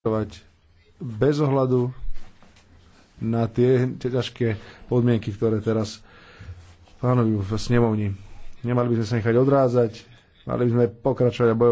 pokračovať bez ohľadu na tie ťažké podmienky, ktoré teraz pánujú v snemovni. Nemali by sme sa nechať odrázať, mali by sme pokračovať a bojovať.